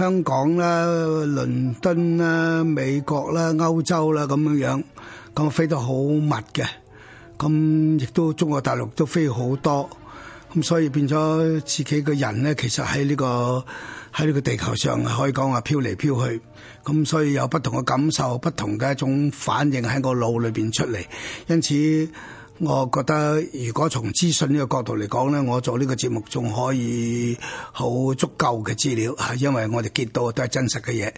香港啦、倫敦啦、美國啦、歐洲啦咁樣樣，咁飛得好密嘅，咁亦都中國大陸都飛好多，咁所以變咗自己嘅人咧，其實喺呢個喺呢個地球上可以講話飄嚟飄去，咁所以有不同嘅感受，不同嘅一種反應喺個腦裏邊出嚟，因此。我覺得，如果從資訊呢個角度嚟講咧，我做呢個節目仲可以好足夠嘅資料，係因為我哋見到都係真實嘅嘢。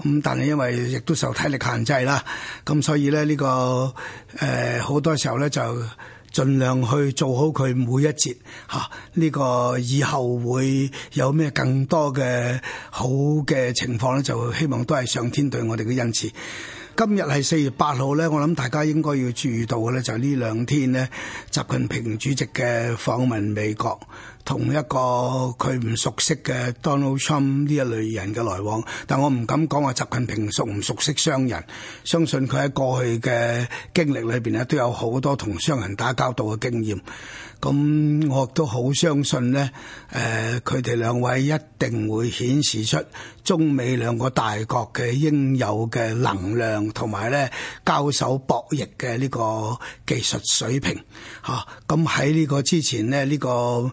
咁但係因為亦都受體力限制啦，咁所以咧、這、呢個誒好、呃、多時候咧就盡量去做好佢每一節嚇。呢、啊呢個以後會有咩更多嘅好嘅情況咧，就希望都係上天對我哋嘅恩賜。今日係四月八號咧，我諗大家應該要注意到嘅咧，就係呢兩天咧，習近平主席嘅訪問美國。同一個佢唔熟悉嘅 Donald Trump 呢一類人嘅來往，但我唔敢講話習近平熟唔熟悉商人。相信佢喺過去嘅經歷裏邊咧，都有好多同商人打交道嘅經驗。咁我亦都好相信咧，誒佢哋兩位一定會顯示出中美兩個大國嘅應有嘅能量，同埋咧交手博弈嘅呢個技術水平嚇。咁喺呢個之前呢，呢、呢個。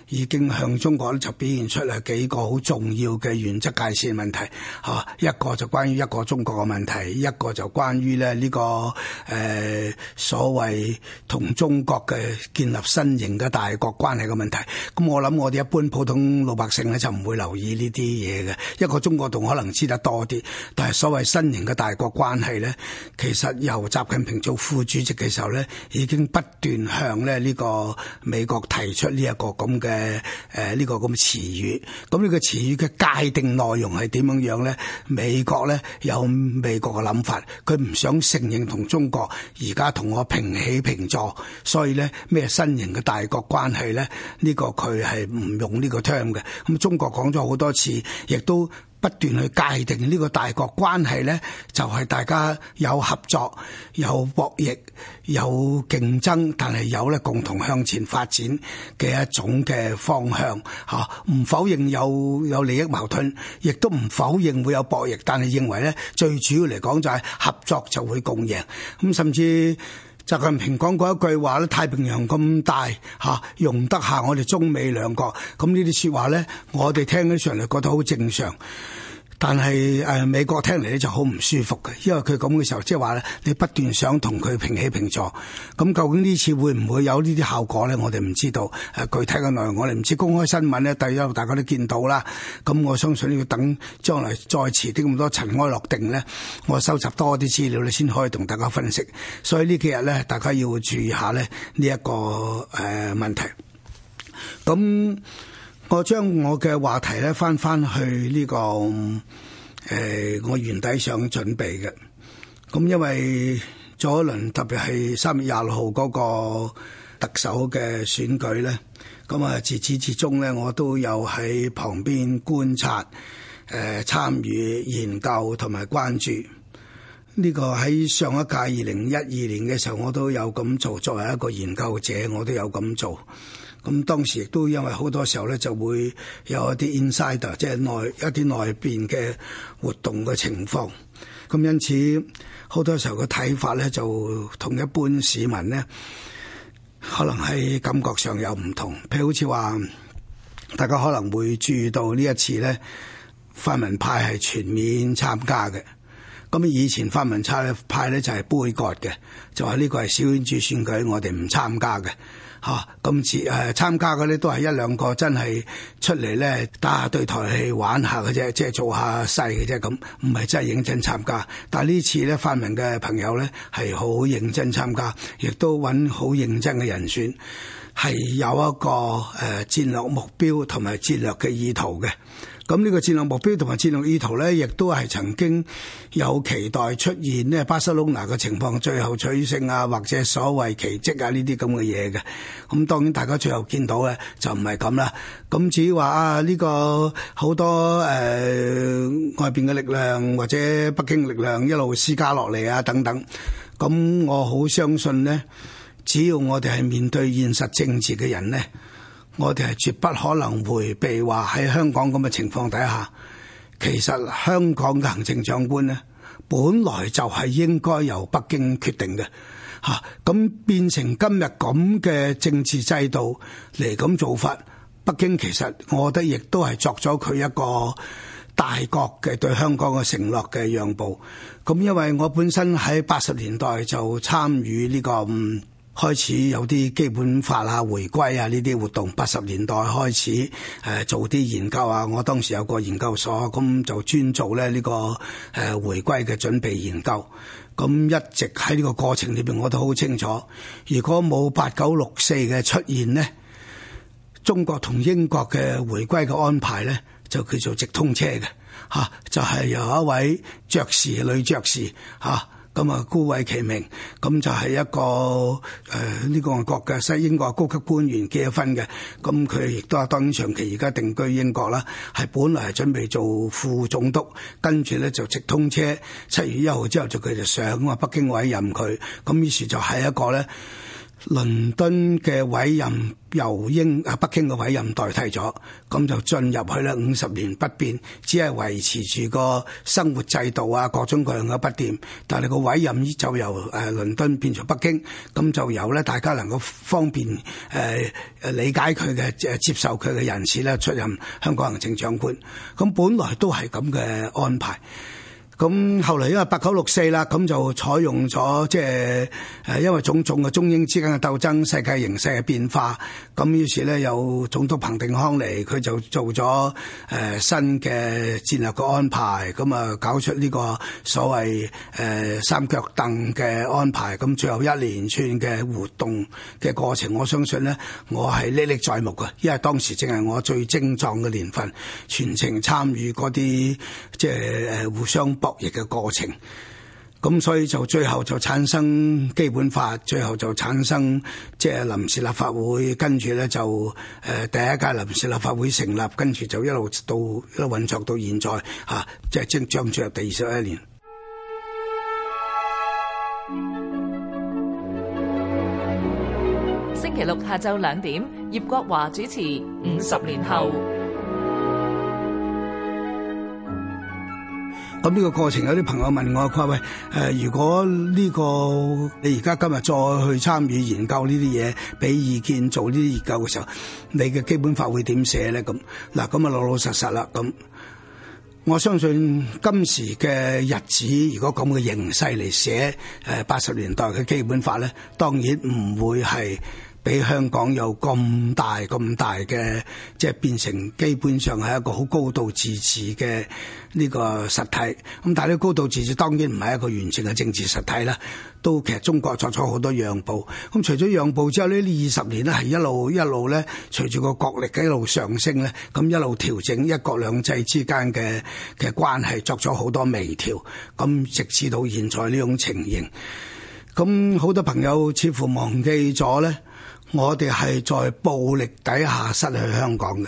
已經向中國咧就表現出嚟幾個好重要嘅原則界線問題嚇，一個就關於一個中國嘅問題，一個就關於咧、這、呢個誒、呃、所謂同中國嘅建立新型嘅大國關係嘅問題。咁我諗我哋一般普通老百姓咧就唔會留意呢啲嘢嘅。一個中國同可能知得多啲，但係所謂新型嘅大國關係咧，其實由習近平做副主席嘅時候咧，已經不斷向咧呢個美國提出呢一個咁嘅。誒誒，呢、呃，這個咁嘅詞語，咁、這、呢個詞語嘅界定內容係點樣樣咧？美國咧有美國嘅諗法，佢唔想承認同中國而家同我平起平坐，所以咧咩新型嘅大國關係咧，呢、這個佢係唔用呢個 term 嘅。咁中國講咗好多次，亦都。不斷去界定呢個大國關係呢，就係大家有合作、有博弈、有競爭，但係有咧共同向前發展嘅一種嘅方向嚇。唔否認有有利益矛盾，亦都唔否認會有博弈，但係認為呢，最主要嚟講就係合作就會共贏。咁甚至。習近平講過一句話咧，太平洋咁大吓，容得下我哋中美兩國，咁呢啲説話咧，我哋聽起上嚟覺得好正常。但係誒、呃、美國聽嚟咧就好唔舒服嘅，因為佢咁嘅時候，即係話咧，你不斷想同佢平起平坐，咁、嗯、究竟呢次會唔會有呢啲效果咧？我哋唔知道。誒、啊，具體嘅內容我哋唔知。公開新聞咧，第一大家都見到啦。咁、嗯、我相信要等將來再遲啲咁多塵埃落定咧，我收集多啲資料咧，先可以同大家分析。所以幾呢幾日咧，大家要注意下咧呢一、這個誒、呃、問題。咁、嗯。我將我嘅話題咧翻翻去呢、這個誒、呃，我原底想準備嘅。咁因為做一輪，特別係三月廿六號嗰個特首嘅選舉咧，咁啊自始至終咧，我都有喺旁邊觀察、誒參與研究同埋關注。呢、這個喺上一屆二零一二年嘅時候，我都有咁做，作為一個研究者，我都有咁做。咁當時亦都因為好多時候咧就會有一啲 insider，即係內一啲內邊嘅活動嘅情況，咁因此好多時候嘅睇法咧就同一般市民咧可能喺感覺上有唔同，譬如好似話大家可能會注意到呢一次咧泛民派係全面參加嘅，咁以前泛民差咧派咧就係杯葛嘅，就話呢個係小圈子選舉，我哋唔參加嘅。嚇今、啊、次誒、呃、參加嗰啲都係一兩個真係出嚟咧打下對台戲玩下嘅啫，即係做下勢嘅啫咁，唔係真係認真參加。但係呢次咧，泛民嘅朋友咧係好認真參加，亦都揾好認真嘅人選，係有一個誒、呃、戰略目標同埋戰略嘅意圖嘅。咁呢個戰略目標同埋戰略意圖咧，亦都係曾經有期待出現咧，巴塞隆拿嘅情況最後取勝啊，或者所謂奇蹟啊呢啲咁嘅嘢嘅。咁當然大家最後見到咧，就唔係咁啦。咁至於話啊，呢、這個好多誒、呃、外邊嘅力量或者北京力量一路施加落嚟啊等等。咁我好相信呢，只要我哋係面對現實政治嘅人呢。我哋係絕不可能回避話喺香港咁嘅情況底下，其實香港嘅行政長官呢，本來就係應該由北京決定嘅，嚇、啊、咁變成今日咁嘅政治制度嚟咁做法，北京其實我覺得亦都係作咗佢一個大國嘅對香港嘅承諾嘅讓步。咁、啊、因為我本身喺八十年代就參與呢個，嗯開始有啲基本法啊、回歸啊呢啲活動，八十年代開始誒、呃、做啲研究啊。我當時有個研究所、啊，咁、嗯、就專做咧、這、呢個誒、呃、回歸嘅準備研究。咁、嗯、一直喺呢個過程裏邊，我都好清楚。如果冇八九六四嘅出現呢，中國同英國嘅回歸嘅安排呢，就叫做直通車嘅吓、啊，就係、是、有一位爵士女爵士吓。啊咁啊，高位其名，咁就係一個誒呢、呃這個國嘅西英國高級官員結咗婚嘅，咁佢亦都係當年長期而家定居英國啦，係本來係準備做副總督，跟住咧就直通車七月一號之後就佢就上啊北京委任佢，咁於是就係一個咧。倫敦嘅委任由英啊北京嘅委任代替咗，咁就進入去咧五十年不變，只係維持住個生活制度啊各種各樣嘅不變。但係個委任就由誒倫敦變做北京，咁就由咧大家能夠方便誒誒、呃、理解佢嘅誒接受佢嘅人士咧出任香港行政長官，咁本來都係咁嘅安排。咁後來因為八九六四啦，咁就採用咗即係誒因為種種嘅中英之間嘅鬥爭、世界形勢嘅變化，咁於是咧有總督彭定康嚟，佢就做咗誒新嘅戰略嘅安排，咁啊搞出呢個所謂誒三腳凳嘅安排，咁最後一連串嘅活動嘅過程，我相信咧我係歷歷在目嘅，因為當時正係我最精壯嘅年份，全程參與啲即係誒互相幫。亦嘅過程，咁所以就最後就產生基本法，最後就產生即係臨時立法會，跟住咧就誒第一屆臨時立法會成立，跟住就一路到一路運作到現在吓，即係即將進入第二十一年。星期六下晝兩點，葉國華主持《五十年後》。咁呢個過程有啲朋友問我話：喂，誒、呃，如果呢、這個你而家今日再去參與研究呢啲嘢，俾意見做呢啲研究嘅時候，你嘅基本法會點寫咧？咁嗱，咁啊老老實實啦。咁我相信今時嘅日子，如果咁嘅形勢嚟寫誒八十年代嘅基本法咧，當然唔會係。俾香港有咁大咁大嘅，即係變成基本上係一個好高度自治嘅呢個實體。咁但係呢高度自治當然唔係一個完全嘅政治實體啦。都其實中國作咗好多讓步。咁除咗讓步之後，呢呢二十年咧係一路一路咧，隨住個國力嘅一路上升咧，咁一路調整一國兩制之間嘅嘅關係，作咗好多微調。咁直至到現在呢種情形，咁好多朋友似乎忘記咗咧。我哋係在暴力底下失去香港嘅，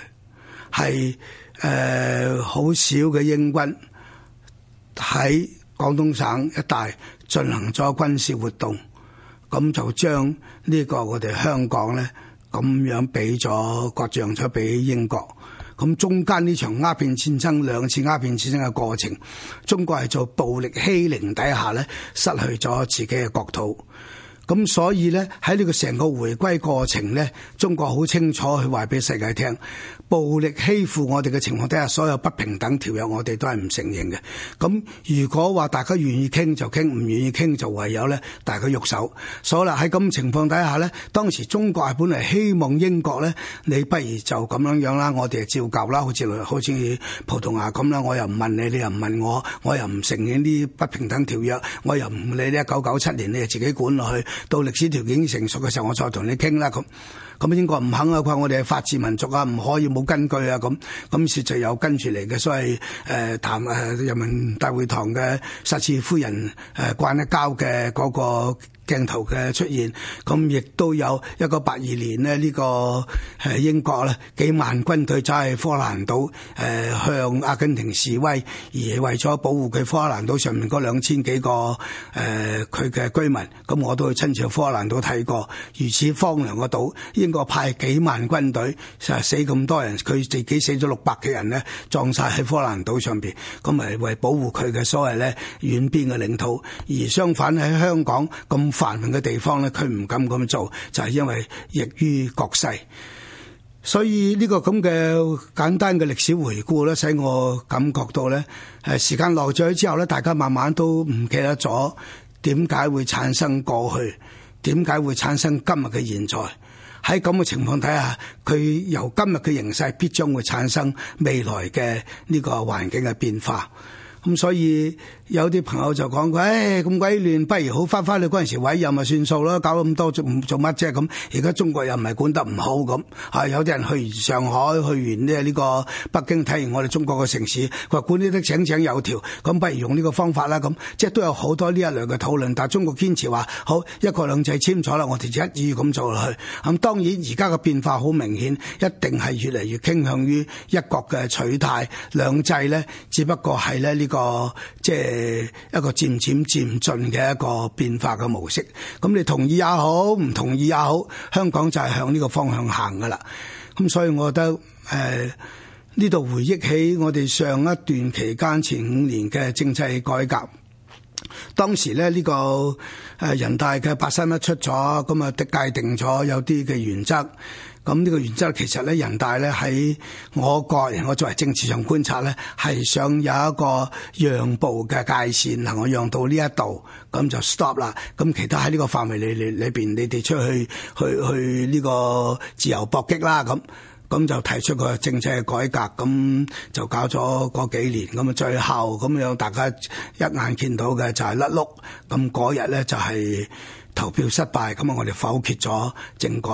係誒好少嘅英軍喺廣東省一帶進行咗軍事活動，咁就將呢個我哋香港咧咁樣俾咗割讓咗俾英國。咁中間呢場鴉片戰爭兩次鴉片戰爭嘅過程，中國係做暴力欺凌底下咧失去咗自己嘅國土。咁所以咧喺呢個成個回歸過程咧，中國好清楚去話俾世界聽，暴力欺負我哋嘅情況底下，所有不平等條約我哋都係唔承認嘅。咁如果話大家願意傾就傾，唔願意傾就唯有呢大家喐手。所以啦，喺咁情況底下呢，當時中國係本嚟希望英國呢：「你不如就咁樣樣啦，我哋係照舊啦，好似好似葡萄牙咁啦，我又唔問你，你又唔問我，我又唔承認呢啲不平等條約，我又唔理你一九九七年你係自己管落去，到歷史條件成熟嘅時候，我再同你傾啦咁。咁英國唔肯啊，佢話我哋係法治民族啊，唔可以冇根據啊，咁咁於是就又跟住嚟嘅，所以誒，談、呃、誒人民大會堂嘅撒切爾夫人誒，慣一交嘅嗰個。鏡頭嘅出現，咁亦都有一個八二年呢。呢、呢個係英國咧，幾萬軍隊走去科蘭島，誒、呃、向阿根廷示威，而為咗保護佢科蘭島上面嗰兩千幾個誒佢嘅居民，咁我都親去親朝科蘭島睇過，如此荒涼嘅島，英國派幾萬軍隊，就死咁多人，佢自己死咗六百幾人呢，撞晒喺科蘭島上邊，咁咪為保護佢嘅所謂咧遠邊嘅領土，而相反喺香港咁。繁榮嘅地方咧，佢唔敢咁做，就係、是、因為逆於國勢。所以呢、呢個咁嘅簡單嘅歷史回顧咧，使我感覺到咧，誒，時間耐咗之後咧，大家慢慢都唔記得咗點解會產生過去，點解會產生今日嘅現在。喺咁嘅情況底下，佢由今日嘅形勢，必將會產生未來嘅呢個環境嘅變化。咁所以。有啲朋友就講佢，哎，咁鬼亂，不如好翻翻你嗰陣時委任咪算數咯，搞咁多做做乜啫咁。而家中國又唔係管得唔好咁，係有啲人去完上海，去完即呢個北京睇完我哋中國嘅城市，話管理得井井有條，咁不如用呢個方法啦咁。即係都有好多呢一類嘅討論，但係中國堅持話好一國兩制簽咗啦，我哋就一意咁做落去。咁、嗯、當然而家嘅變化好明顯，一定係越嚟越傾向於一國嘅取態，兩制呢，只不過係咧呢、呢個即係。誒，一個漸漸漸進嘅一個變化嘅模式，咁你同意也好，唔同意也好，香港就係向呢個方向行噶啦。咁所以我覺得誒，呢、呃、度回憶起我哋上一段期間前五年嘅政制改革，當時咧呢、這個誒人大嘅八三一出咗，咁啊界定咗有啲嘅原則。咁呢個原則其實咧，人大咧喺我個人，我作為政治上觀察咧，係想有一個讓步嘅界線，係我讓到呢一度，咁就 stop 啦。咁其他喺呢個範圍裏裏裏邊你哋出去去去呢個自由搏擊啦，咁咁就提出個政制改革，咁就搞咗嗰幾年，咁啊最後咁樣大家一眼見到嘅就係甩碌，咁嗰日咧就係投票失敗，咁啊我哋否決咗政改。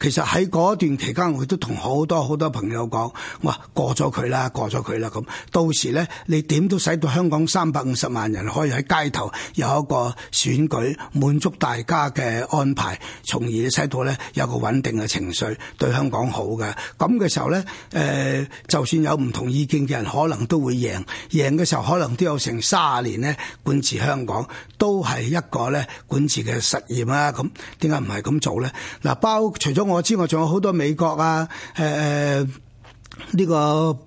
其實喺嗰段期間，我哋都同好多好多朋友講：哇，話過咗佢啦，過咗佢啦。咁到時呢，你點都使到香港三百五十萬人可以喺街頭有一個選舉，滿足大家嘅安排，從而使到呢有個穩定嘅情緒，對香港好嘅。咁嘅時候呢，誒、呃，就算有唔同意見嘅人，可能都會贏。贏嘅時候，可能都有成三年呢。管治香港，都係一個呢管治嘅實驗啦、啊。咁點解唔係咁做呢？嗱，包除咗。我知，我仲有好多美國啊，誒、呃、誒、呢、這個。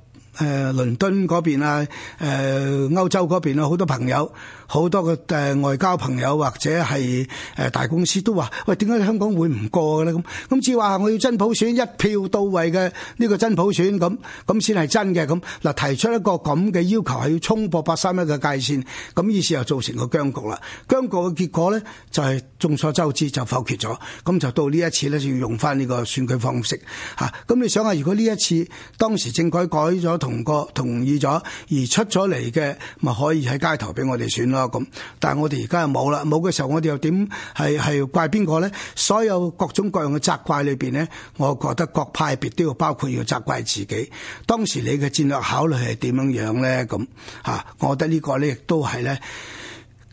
誒倫、呃、敦嗰邊啊，誒、呃、歐洲嗰邊啊，好多朋友，好多嘅誒外交朋友或者係誒大公司都話喂，點解香港會唔過嘅咧？咁咁至話我要真普選一票到位嘅呢個真普選咁，咁先係真嘅咁。嗱，提出一個咁嘅要求係要衝破八三一嘅界線，咁意思就造成個僵局啦。僵局嘅結果咧，就係、是、眾所周知就否決咗。咁就到呢一次咧，就要用翻呢個選舉方式吓，咁、啊、你想下，如果呢一次當時政改改咗同？同哥同意咗，而出咗嚟嘅，咪可以喺街頭俾我哋選咯。咁，但係我哋而家又冇啦，冇嘅時候我哋又點係係怪邊個咧？所有各種各樣嘅責怪裏邊咧，我覺得各派別都要包括要責怪自己。當時你嘅戰略考慮係點樣樣咧？咁吓，我覺得呢個咧亦都係咧，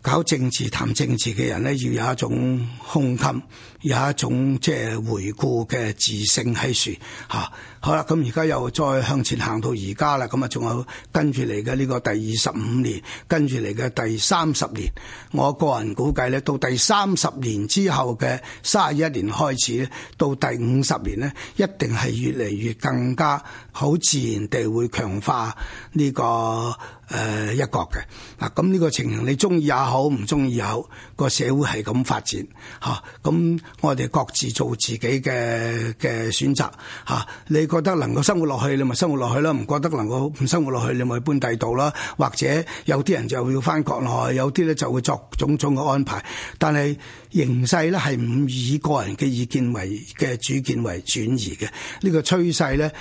搞政治談政治嘅人咧，要有一種胸襟。有一種即係回顧嘅自省喺處嚇，好啦，咁而家又再向前行到而家啦，咁啊仲有跟住嚟嘅呢個第二十五年，跟住嚟嘅第三十年。我個人估計咧，到第三十年之後嘅卅一年開始咧，到第五十年咧，一定係越嚟越更加好自然地會強化呢、這個誒、呃、一國嘅嗱。咁呢個情形你中意也好，唔中意也好，個社會係咁發展嚇咁。我哋各自做自己嘅嘅選擇吓、啊，你覺得能夠生活落去，你咪生活落去咯，唔覺得能夠唔生活落去，你咪搬第度啦。或者有啲人就要翻國內，有啲咧就會作種種嘅安排。但係形勢咧係唔以個人嘅意見為嘅主見為轉移嘅。這個、趨勢，呢個趨勢咧，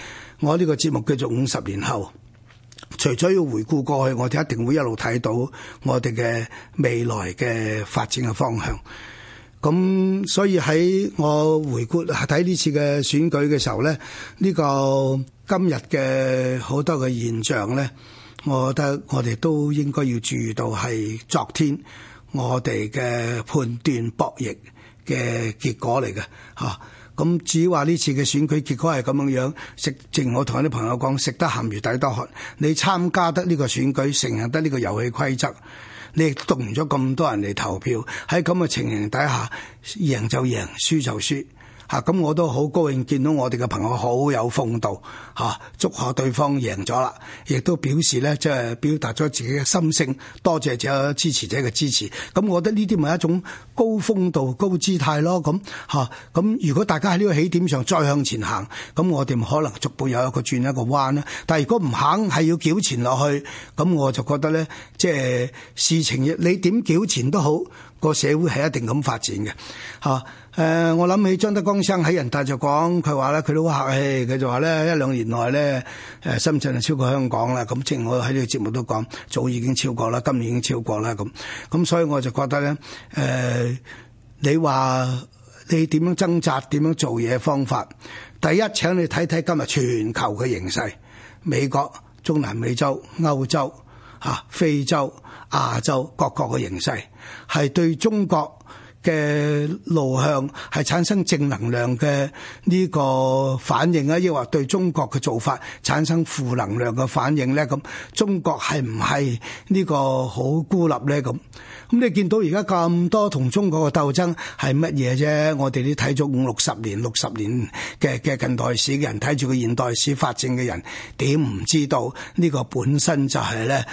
我呢個節目繼續五十年後，除咗要回顧過去，我哋一定會一路睇到我哋嘅未來嘅發展嘅方向。咁所以喺我回顧睇呢次嘅選舉嘅時候咧，呢個今日嘅好多嘅現象咧，我覺得我哋都應該要注意到係昨天我哋嘅判斷博弈嘅結果嚟嘅嚇。咁至於話呢次嘅選舉結果係咁樣樣，食正如我同一啲朋友講，食得鹹魚抵得渴。你參加得呢個選舉，承認得呢個遊戲規則。你亦動唔咗咁多人嚟投票，喺咁嘅情形底下，贏就贏，輸就輸。嚇！咁、啊、我都好高興見到我哋嘅朋友好有風度嚇、啊，祝賀對方贏咗啦，亦都表示咧即係表達咗自己嘅心聲，多謝咗支持者嘅支持。咁、啊、我覺得呢啲咪一種高風度、高姿態咯。咁、啊、嚇，咁、啊、如果大家喺呢個起點上再向前行，咁我哋可能逐步有一個轉一個彎啦。但係如果唔肯係要繳錢落去，咁我就覺得咧，即、就、係、是、事情你點繳錢都好。個社會係一定咁發展嘅嚇。誒、啊，我諗起張德江生喺人大就講，佢話咧佢都好客氣，佢就話咧一兩年內咧誒深圳就超過香港啦。咁正如我喺呢個節目都講，早已經超過啦，今年已經超過啦咁。咁所以我就覺得咧誒、呃，你話你點樣掙扎，點樣做嘢方法？第一，請你睇睇今日全球嘅形勢，美國、中南美洲、歐洲嚇、啊、非洲。亞洲各國嘅形勢係對中國嘅路向係產生正能量嘅呢個反應啊，抑或對中國嘅做法產生負能量嘅反應咧？咁中國係唔係呢個好孤立咧？咁咁你見到而家咁多同中國嘅鬥爭係乜嘢啫？我哋都睇咗五六十年、六十年嘅嘅近代史嘅人睇住個現代史發展嘅人，點唔知道呢個本身就係咧？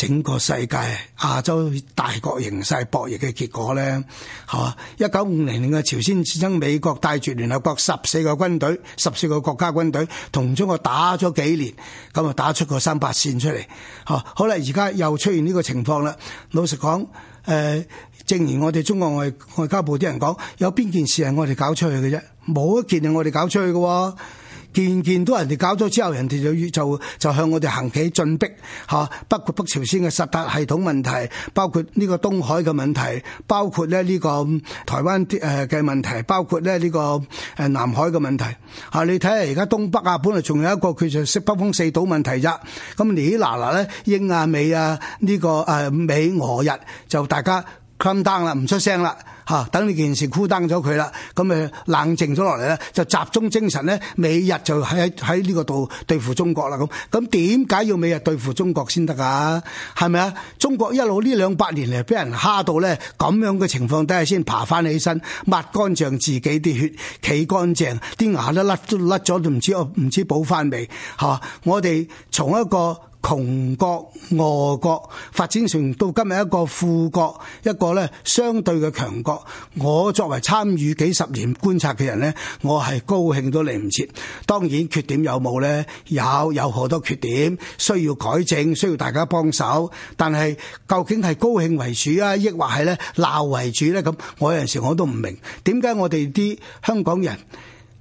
整個世界亞洲大國形勢博弈嘅結果咧，吓，一九五零年嘅朝鮮戰爭，美國帶住聯合國十四個軍隊，十四個國家軍隊同中國打咗幾年，咁啊，打出個三八線出嚟吓，好啦，而家又出現呢個情況啦。老實講，誒，正如我哋中國外外交部啲人講，有邊件事係我哋搞出去嘅啫？冇一件係我哋搞出去嘅喎，哦。件件都人哋搞咗之後，人哋就就向我哋行起進逼嚇、啊，包括北朝鮮嘅薩德系統問題，包括呢個東海嘅問題，包括咧呢個台灣誒嘅問題，包括咧呢個誒南海嘅問題嚇、啊。你睇下而家東北啊，本來仲有一個佢就北方四島問題啫，咁你嗱嗱咧，英啊美啊呢個誒、啊、美俄日就大家 calm down 啦，唔出聲啦。嚇、啊！等呢件事 cool down 咗佢啦，咁誒冷靜咗落嚟咧，就集中精神咧，每日就喺喺呢個度對付中國啦咁。咁點解要每日對付中國先得㗎？係咪啊？中國一路呢兩百年嚟俾人蝦到咧，咁樣嘅情況底下先爬翻起身，抹乾淨自己啲血，企乾淨，啲牙都甩都甩咗，都唔知我，唔知補翻未嚇？我哋從一個窮國俄國發展成到今日一個富國，一個咧相對嘅強國。我作為參與幾十年觀察嘅人咧，我係高興都嚟唔切。當然缺點有冇呢？有，有好多缺點需要改正，需要大家幫手。但係究竟係高興為主啊，抑或係咧鬧為主呢？咁我有陣時我都唔明點解我哋啲香港人。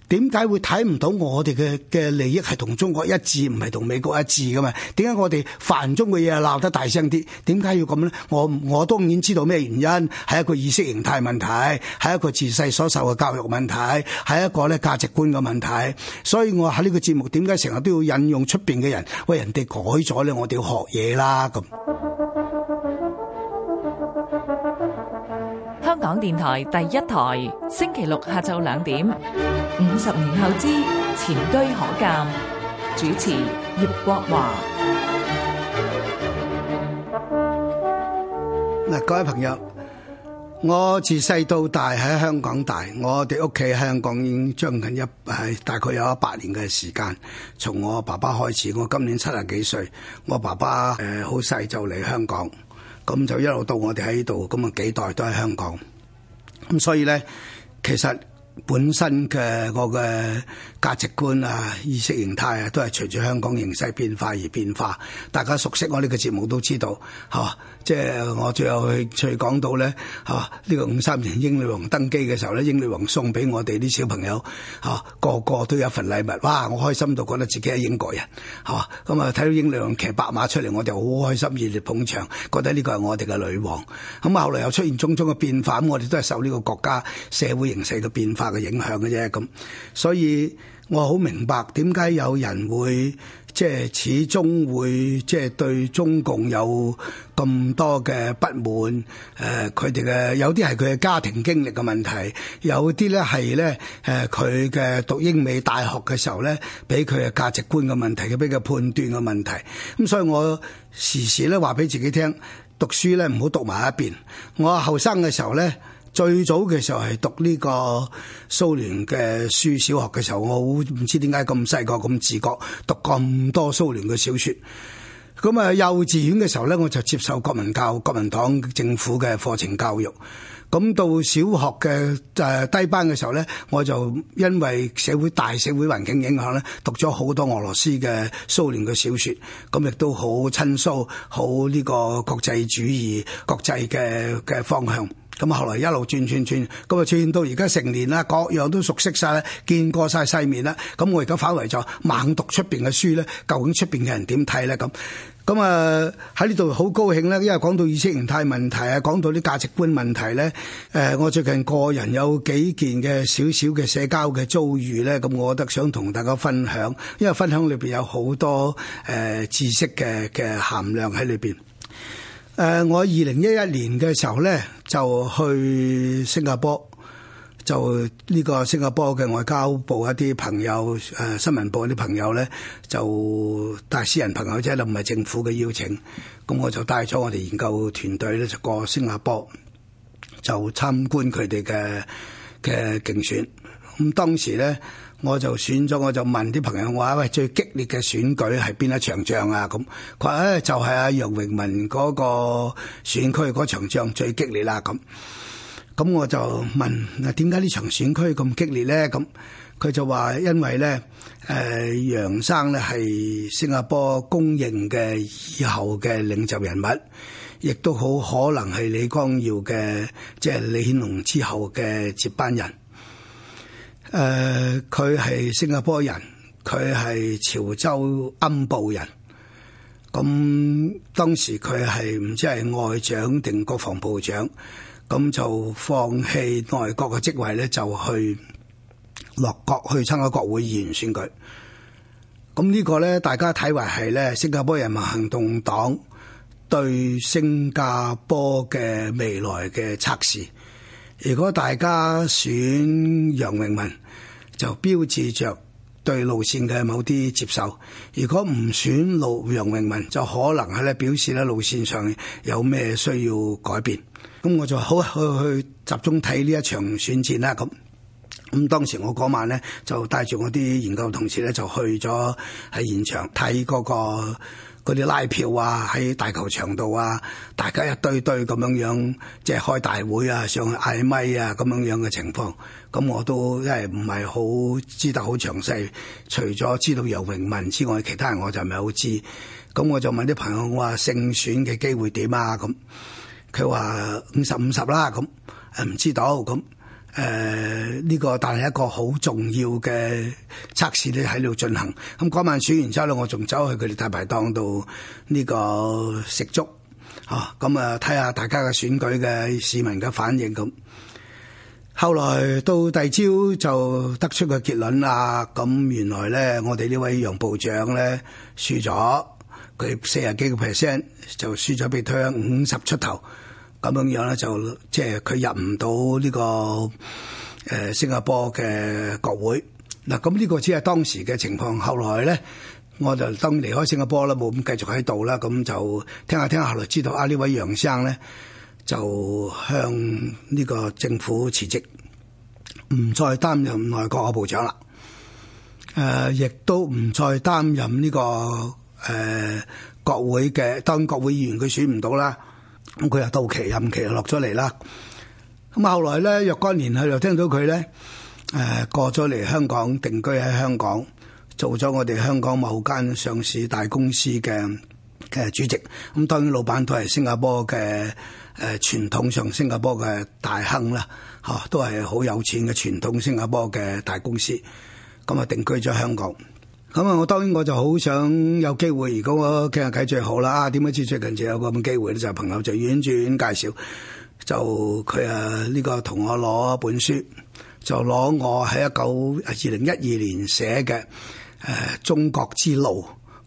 點解會睇唔到我哋嘅嘅利益係同中國一致，唔係同美國一致㗎嘛？點解我哋繁中嘅嘢鬧得大聲啲？點解要咁呢？我，我當然知道咩原因，係一個意識形態問題，係一個自細所受嘅教育問題，係一個咧價值觀嘅問題。所以我喺呢個節目，點解成日都要引用出邊嘅人？喂，人哋改咗咧，我哋要學嘢啦咁。港電台第一台，星期六下晝兩點。五十年後之前車可鑑，主持葉國華。嗱，各位朋友，我自細到大喺香港大，我哋屋企香港已經將近一係大概有一百年嘅時間。從我爸爸開始，我今年七十幾歲。我爸爸誒好細就嚟香港，咁就一路到我哋喺度，咁啊幾代都喺香港。咁所以咧，其實本身嘅嗰個價值觀啊、意識形態啊，都係隨住香港形勢變化而變化。大家熟悉我呢個節目都知道，嚇、啊，即係我最後去再講到咧，嚇、啊、呢、呢個五三年英女王登基嘅時候咧，英女王送俾我哋啲小朋友，嚇、啊、個個都有一份禮物，哇！我開心到覺得自己係英國人，嚇咁啊！睇、啊、到英女王騎白馬出嚟，我就好開心熱烈捧場，覺得呢個係我哋嘅女王。咁啊，後來又出現種種嘅變化，咁我哋都係受呢個國家社會形勢嘅變化嘅影響嘅啫。咁、啊、所以。我好明白點解有人會即係、就是、始終會即係、就是、對中共有咁多嘅不滿。誒、呃，佢哋嘅有啲係佢嘅家庭經歷嘅問題，有啲咧係咧誒佢嘅讀英美大學嘅時候咧，俾佢嘅價值觀嘅問題，佢俾佢判斷嘅問題。咁所以我時時咧話俾自己聽，讀書咧唔好讀埋一邊。我後生嘅時候咧。最早嘅時候係讀呢個蘇聯嘅書，小學嘅時候我唔知點解咁細個咁自覺讀咁多蘇聯嘅小說。咁啊幼稚園嘅時候咧，我就接受國民教、國民黨政府嘅課程教育。咁到小學嘅誒、呃、低班嘅時候咧，我就因為社會大社會環境影響咧，讀咗好多俄羅斯嘅蘇聯嘅小說。咁亦都好親蘇，好呢個國際主義、國際嘅嘅方向。咁啊！後來一路轉轉轉，咁啊轉到而家成年啦，各樣都熟悉晒啦，見過晒世面啦。咁我而家反為就猛讀出邊嘅書咧，究竟出邊嘅人點睇咧？咁咁啊喺呢度好高興咧，因為講到意識形態問題啊，講到啲價值觀問題咧，誒、呃，我最近個人有幾件嘅少少嘅社交嘅遭遇咧，咁我覺得想同大家分享，因為分享裏邊有好多誒、呃、知識嘅嘅含量喺裏邊。誒、呃，我二零一一年嘅時候咧。就去新加坡，就呢個新加坡嘅外交部一啲朋友，誒、啊、新聞部啲朋友咧，就帶私人朋友啫，唔係政府嘅邀請，咁我就帶咗我哋研究團隊咧，就過新加坡，就參觀佢哋嘅嘅競選，咁當時咧。我就選咗，我就問啲朋友話：喂，最激烈嘅選舉係邊一場仗啊？咁佢咧就係、是、阿楊榮文嗰個選區嗰場仗最激烈啦、啊。咁咁我就問：點解呢場選區咁激烈咧？咁佢就話：因為咧，誒、呃、楊生咧係新加坡公認嘅以後嘅領袖人物，亦都好可能係李光耀嘅，即、就、係、是、李顯龍之後嘅接班人。誒，佢係、呃、新加坡人，佢係潮州庵埠人。咁當時佢係唔知係外長定國防部長，咁就放棄外國嘅職位咧，就去落國去參加國會議員選舉。咁呢個咧，大家睇為係咧，新加坡人民行動黨對新加坡嘅未來嘅測試。如果大家選楊榮文，就標誌着對路線嘅某啲接受；如果唔選路楊榮文，就可能係咧表示咧路線上有咩需要改變。咁我就好去去集中睇呢一場選戰啦。咁咁當時我嗰晚咧就帶住我啲研究同事咧就去咗喺現場睇嗰、嗰個。嗰啲拉票啊，喺大球場度啊，大家一堆堆咁樣樣，即係開大會啊，上去嗌咪啊咁樣樣嘅情況，咁我都因為唔係好知得好詳細，除咗知道游泳文之外，其他人我就唔係好知。咁我就問啲朋友話勝選嘅機會點啊？咁佢話五十五十啦，咁唔知道咁。誒，呢、呃、這個但係一個好重要嘅測試咧喺度進行。咁、嗯、嗰晚選完之後，我仲走去佢哋大排檔度呢個食粥，吓咁啊睇、嗯、下大家嘅選舉嘅市民嘅反應。咁後來到第二朝就得出個結論啦。咁、嗯、原來咧，我哋呢位楊部長咧輸咗，佢四十幾個 percent 就輸咗，被推翻五十出頭。咁樣樣咧，就即係佢入唔到呢個誒、呃、新加坡嘅國會。嗱，咁、這、呢個只係當時嘅情況。後來咧，我就當然離開新加坡啦，冇咁繼續喺度啦。咁就聽下聽下，後來知道啊，呢位楊生咧就向呢個政府辭職，唔再擔任內閣嘅部長啦。誒、呃，亦都唔再擔任呢、這個誒、呃、國會嘅當國會議員了了，佢選唔到啦。咁佢又到期任期落咗嚟啦，咁後來咧若干年後又聽到佢咧，誒過咗嚟香港定居喺香港，做咗我哋香港某間上市大公司嘅嘅主席，咁當然老闆都係新加坡嘅，誒傳統上新加坡嘅大亨啦，吓都係好有錢嘅傳統新加坡嘅大公司，咁啊定居咗香港。咁啊！我當然我就好想有機會，如果我傾下偈最好啦。點、啊、解知最近就有咁機會咧？就朋友就婉轉介紹，就佢啊呢個同我攞本書，就攞我喺一九二零一二年寫嘅《誒、呃、中國之路》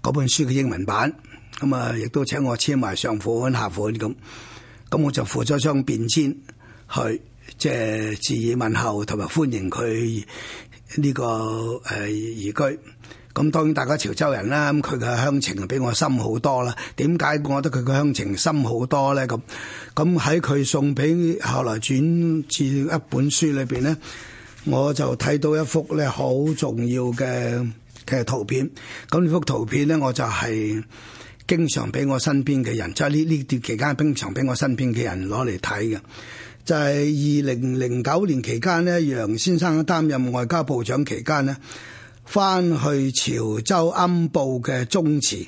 嗰本書嘅英文版。咁、嗯、啊，亦都請我簽埋上款下款咁。咁我就附咗張便籤，去即係致以問候，同埋歡迎佢呢、這個誒、呃、移居。咁當然大家潮州人啦，咁佢嘅鄉情比我深好多啦。點解我覺得佢嘅鄉情深好多咧？咁咁喺佢送俾後來轉至一本書裏邊咧，我就睇到一幅咧，好重要嘅嘅圖片。咁呢幅圖片咧，我就係經常俾我身邊嘅人，即係呢呢段期間經常俾我身邊嘅人攞嚟睇嘅。就係二零零九年期間呢，楊先生擔任外交部長期間呢。翻去潮州庵埠嘅宗祠，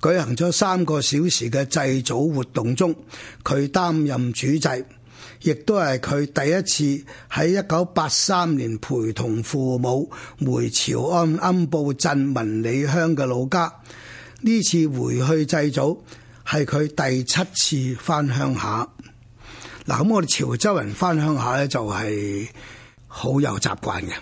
舉行咗三個小時嘅祭祖活動中，佢擔任主祭，亦都係佢第一次喺一九八三年陪同父母回潮安庵埠鎮文里鄉嘅老家。呢次回去祭祖係佢第七次翻鄉下。嗱，咁我哋潮州人翻鄉下咧就係好有習慣嘅。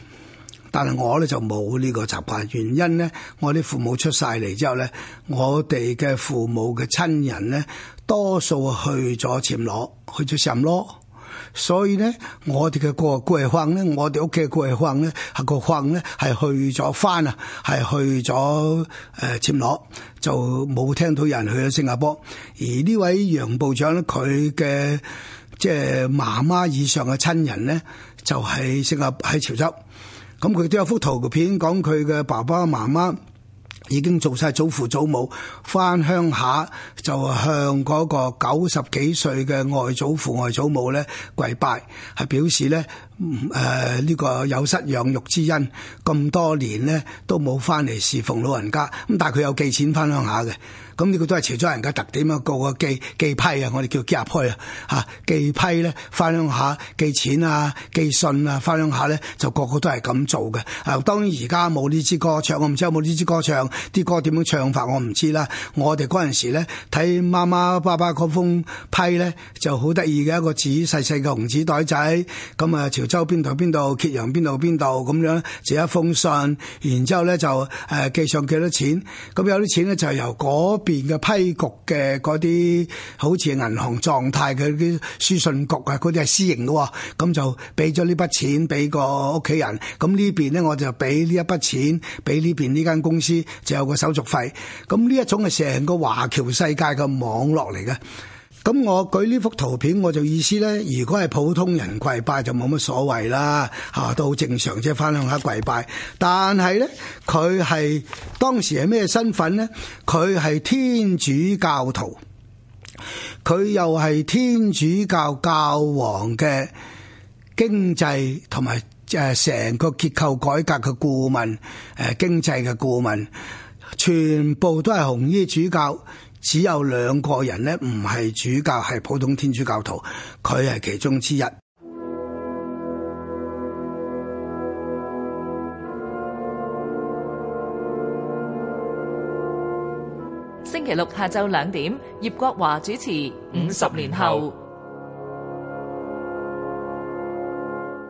但係我咧就冇呢個習慣，原因咧，我啲父母出晒嚟之後咧，我哋嘅父母嘅親人咧，多數去咗暹羅，去咗暹羅，所以咧，我哋嘅過過嚟鄉咧，我哋屋企嘅過嚟咧，係個鄉咧，係去咗番啊，係去咗誒暹羅，就冇聽到有人去咗新加坡。而呢位楊部長咧，佢嘅即係媽媽以上嘅親人咧，就係、是、新加坡喺潮州。咁佢都有幅圖片講佢嘅爸爸媽媽已經做晒祖父祖母，翻鄉下就向嗰個九十幾歲嘅外祖父外祖母咧跪拜，係表示咧誒呢個有失養育之恩，咁多年咧都冇翻嚟侍奉老人家，咁但係佢有寄錢翻鄉下嘅。咁呢個都係潮州人嘅特點啊！個個個寄寄批啊，我哋叫寄阿啊嚇，寄批咧翻鄉下寄錢啊、寄信啊，翻鄉下咧就個個都係咁做嘅。啊，當然而家冇呢支歌唱，我唔知有冇呢支歌唱，啲歌點樣唱法我唔知啦。我哋嗰陣時咧，睇媽媽爸爸嗰封批咧就好得意嘅一個紙細細嘅紅紙袋仔，咁啊潮州邊度邊度揭陽邊度邊度咁樣寫一封信，然之後咧就誒寄上幾多錢，咁有啲錢咧就係由嗰邊嘅批局嘅嗰啲好似銀行狀態嘅啲書信局啊，嗰啲係私營嘅喎，咁就俾咗呢筆錢俾個屋企人，咁呢邊呢，我就俾呢一筆錢俾呢邊呢間公司，就有個手續費，咁呢一種係成個華僑世界嘅網絡嚟嘅。咁我舉呢幅圖片，我就意思咧，如果係普通人跪拜就冇乜所謂啦，吓、啊、都好正常啫，返鄉下跪拜。但係咧，佢係當時係咩身份呢？佢係天主教徒，佢又係天主教教皇嘅經濟同埋誒成個結構改革嘅顧問，誒經濟嘅顧問，全部都係紅衣主教。只有兩個人咧，唔係主教，係普通天主教徒，佢係其中之一。星期六下晝兩點，葉國華主持《五十年後》。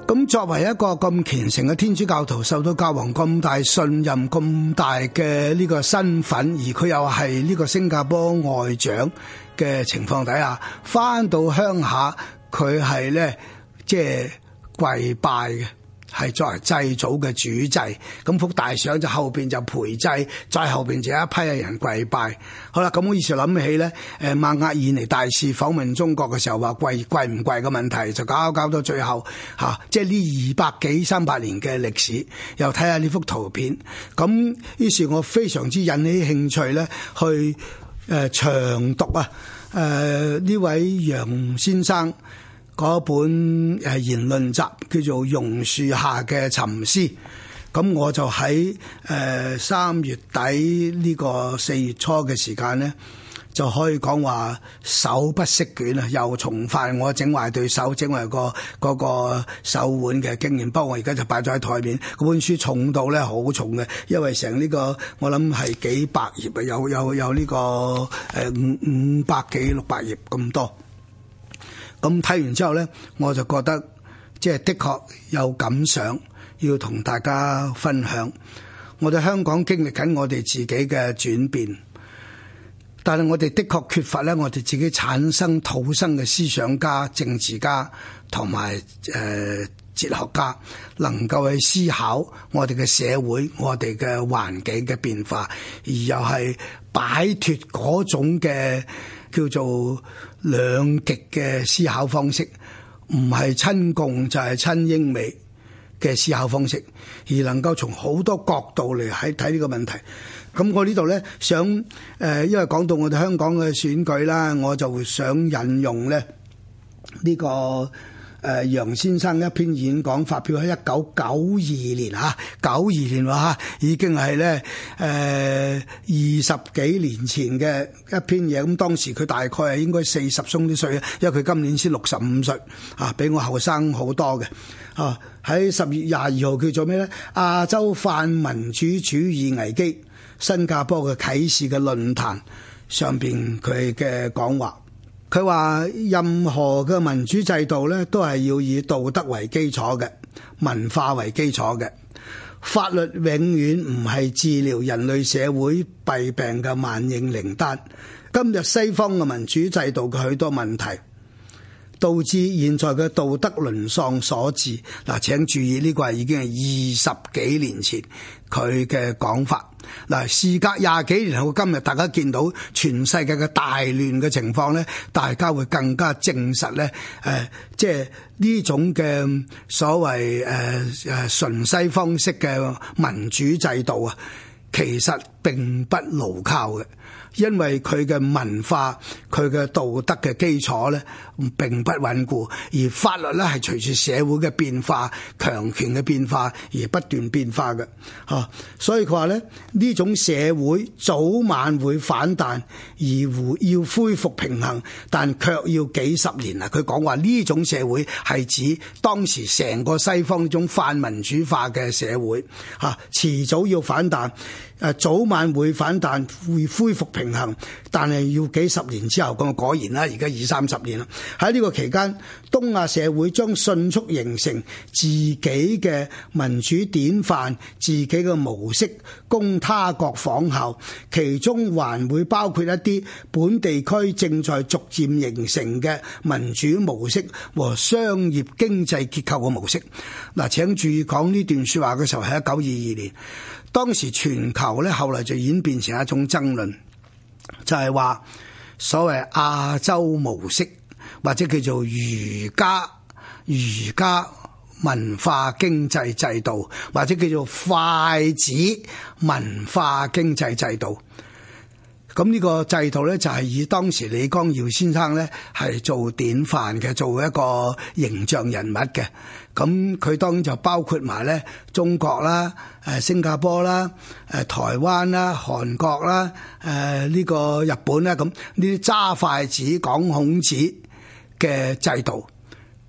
咁作為一個咁虔誠嘅天主教徒，受到教皇咁大信任、咁大嘅呢個身份，而佢又係呢個新加坡外長嘅情況底下，返到鄉下，佢係呢即係跪拜嘅。係作為祭祖嘅主祭，咁幅大相就後邊就陪祭，再後邊就有一批嘅人跪拜。好啦，咁我於是諗起咧，誒馬戛爾尼大使訪問中國嘅時候話貴貴唔貴嘅問題，就搞搞到最後嚇、啊，即係呢二百幾三百年嘅歷史，又睇下呢幅圖片。咁於是，我非常之引起興趣咧，去誒、呃、長讀啊誒呢、呃、位楊先生。嗰本誒言論集叫做《榕樹下嘅沉思》，咁我就喺誒三月底呢個四月初嘅時間呢，就可以講話手不釋卷啊！又重犯，我整壞對手，整壞個嗰個手腕嘅經驗。不過我而家就擺咗喺台面，本書重到咧好重嘅，因為成呢個我諗係幾百頁，有有有呢個誒五五百幾六百頁咁多。咁睇完之後呢，我就覺得即係、就是、的確有感想要同大家分享。我哋香港經歷緊我哋自己嘅轉變，但係我哋的確缺乏呢，我哋自己產生土生嘅思想家、政治家同埋誒哲學家，能夠去思考我哋嘅社會、我哋嘅環境嘅變化，而又係擺脱嗰種嘅叫做。兩極嘅思考方式，唔係親共就係親英美嘅思考方式，而能夠從好多角度嚟喺睇呢個問題。咁我呢度咧想誒，因為講到我哋香港嘅選舉啦，我就會想引用咧、這、呢個。誒楊先生一篇演講發表喺一九九二年嚇，九二年哇，已經係咧誒二十幾年前嘅一篇嘢。咁當時佢大概應該四十鬆啲歲啊，因為佢今年先六十五歲啊，比我後生好多嘅。啊，喺十月廿二號叫做咩咧？亞洲泛民主主義危機新加坡嘅啟示嘅論壇上邊佢嘅講話。佢話：任何嘅民主制度咧，都係要以道德為基礎嘅，文化為基礎嘅，法律永遠唔係治療人類社會弊病嘅萬應靈丹。今日西方嘅民主制度嘅許多問題，導致現在嘅道德淪喪所致。嗱，請注意呢個係已經係二十幾年前。佢嘅講法，嗱，事隔廿幾年後今日，大家見到全世界嘅大亂嘅情況咧，大家會更加證實咧，誒、呃，即係呢種嘅所謂誒誒、呃、純西方式嘅民主制度啊，其實並不牢靠嘅。因為佢嘅文化、佢嘅道德嘅基礎呢並不穩固，而法律呢係隨住社會嘅變化、強權嘅變化而不斷變化嘅，嚇、啊。所以佢話呢，呢種社會早晚會反彈，而要恢復平衡，但卻要幾十年啊！佢講話呢種社會係指當時成個西方種泛民主化嘅社會，嚇、啊，遲早要反彈。早晚會反彈，會恢復平衡，但係要幾十年之後，咁果然啦！而家二三十年啦，喺呢個期間，東亞社會將迅速形成自己嘅民主典範，自己嘅模式，供他國仿效。其中還會包括一啲本地區正在逐漸形成嘅民主模式和商業經濟結構嘅模式。嗱，請注意講呢段説話嘅時候係一九二二年。當時全球咧，後嚟就演變成一種爭論，就係話所謂亞洲模式，或者叫做儒家儒家文化經濟制度，或者叫做筷子文化經濟制度。咁呢個制度咧，就係以當時李光耀先生咧係做典範嘅，做一個形象人物嘅。咁佢當然就包括埋咧中國啦、誒新加坡啦、誒台灣啦、韓國啦、誒、呃、呢個日本啦。咁呢啲揸筷子講孔子嘅制度，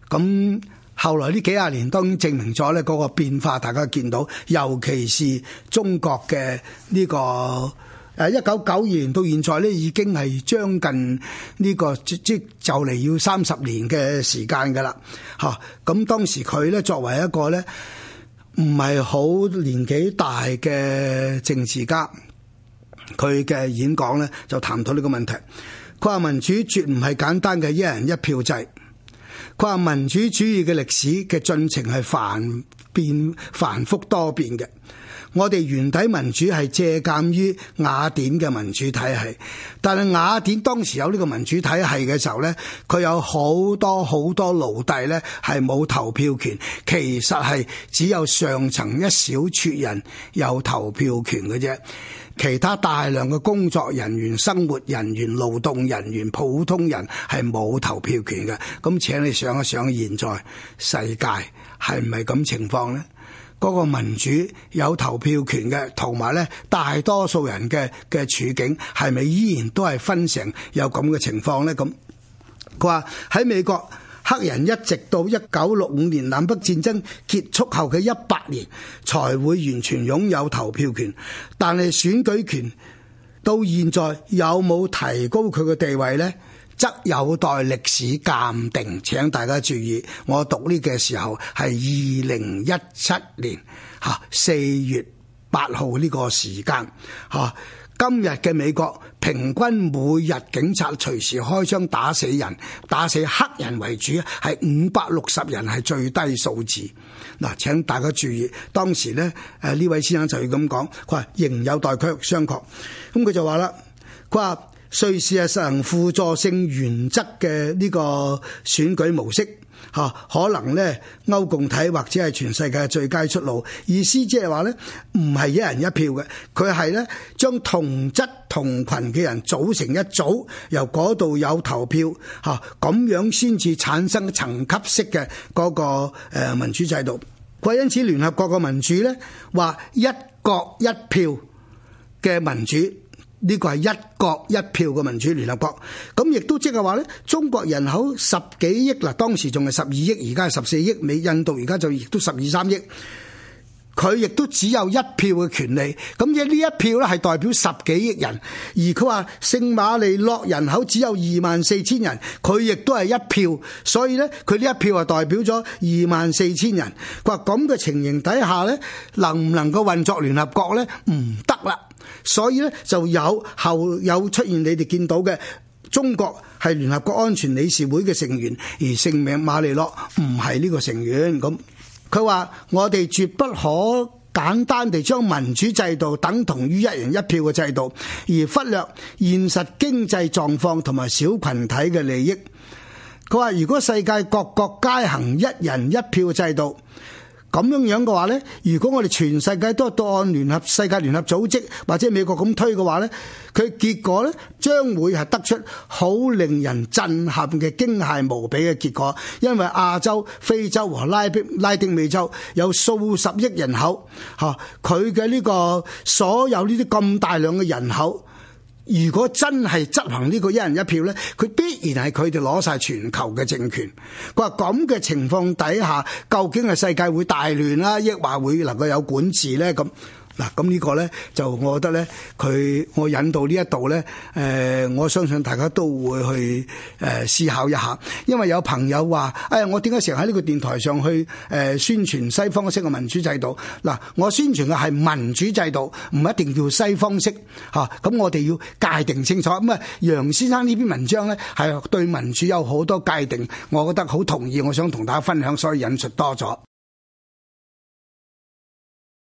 咁後來呢幾廿年當然證明咗咧嗰個變化，大家見到，尤其是中國嘅呢個。誒一九九二年到現在咧，已經係將近呢個即即就嚟要三十年嘅時間㗎啦，嚇！咁當時佢咧作為一個咧唔係好年紀大嘅政治家，佢嘅演講咧就談到呢個問題。佢話民主絕唔係簡單嘅一人一票制。佢話民主主義嘅歷史嘅進程係繁變繁複多變嘅。我哋原底民主係借鑑於雅典嘅民主體系，但係雅典當時有呢個民主體系嘅時候呢，佢有好多好多奴隸呢，係冇投票權，其實係只有上層一小撮人有投票權嘅啫，其他大量嘅工作人員、生活人員、勞動人員、普通人係冇投票權嘅。咁請你想一想，現在世界係唔係咁情況呢？嗰個民主有投票權嘅，同埋咧大多數人嘅嘅處境係咪依然都係分成有咁嘅情況呢？咁佢話喺美國，黑人一直到一九六五年南北戰爭結束後嘅一百年，才會完全擁有投票權，但係選舉權到現在有冇提高佢嘅地位呢？則有待歷史鑑定。請大家注意，我讀呢個時候係二零一七年嚇四月八號呢個時間嚇、啊。今日嘅美國平均每日警察隨時開槍打死人，打死黑人為主，係五百六十人係最低數字。嗱、啊，請大家注意，當時咧誒呢、啊、位先生就要咁講，佢話仍有待確商榷。咁佢就話啦，佢話。瑞士係實行輔助性原則嘅呢個選舉模式，嚇、啊、可能咧歐共體或者係全世界最佳出路。意思即係話咧，唔係一人一票嘅，佢係咧將同質同群嘅人組成一組，由嗰度有投票，嚇、啊、咁樣先至產生層級式嘅嗰、那個、呃、民主制度。佢因此聯合國嘅民主呢，話一國一票嘅民主。呢個係一國一票嘅民主聯合國，咁亦都即係話咧，中國人口十幾億喇，當時仲係十二億，而家係十四億美，印度而家就亦都十二三億，佢亦都只有一票嘅權利。咁即係呢一票咧係代表十幾億人，而佢話聖馬利諾人口只有二萬四千人，佢亦都係一票，所以咧佢呢一票係代表咗二萬四千人。佢話咁嘅情形底下咧，能唔能夠運作聯合國咧？唔得啦。所以咧就有後有出現你哋見到嘅中國係聯合國安全理事會嘅成員，而姓名馬利諾唔係呢個成員咁，佢話我哋絕不可簡單地將民主制度等同於一人一票嘅制度，而忽略現實經濟狀況同埋小群體嘅利益。佢話如果世界各國皆行一人一票制度。咁樣樣嘅話呢，如果我哋全世界都係當聯合世界聯合組織或者美國咁推嘅話呢，佢結果呢，將會係得出好令人震撼嘅驚駭無比嘅結果，因為亞洲、非洲和拉丁拉丁美洲有數十億人口，嚇佢嘅呢個所有呢啲咁大量嘅人口。如果真係執行呢個一人一票咧，佢必然係佢哋攞晒全球嘅政權。佢話咁嘅情況底下，究竟係世界會大亂啦、啊，抑或會能夠有管治咧？咁。嗱，咁呢個呢，就我覺得呢，佢我引導呢一度呢，誒、呃，我相信大家都會去誒思考一下，因為有朋友話：誒、哎，我點解成日喺呢個電台上去誒宣傳西方式嘅民主制度？嗱、呃，我宣傳嘅係民主制度，唔一定叫西方式嚇。咁、啊、我哋要界定清楚。咁、嗯、啊，楊先生呢篇文章呢，係對民主有好多界定，我覺得好同意。我想同大家分享，所以引述多咗。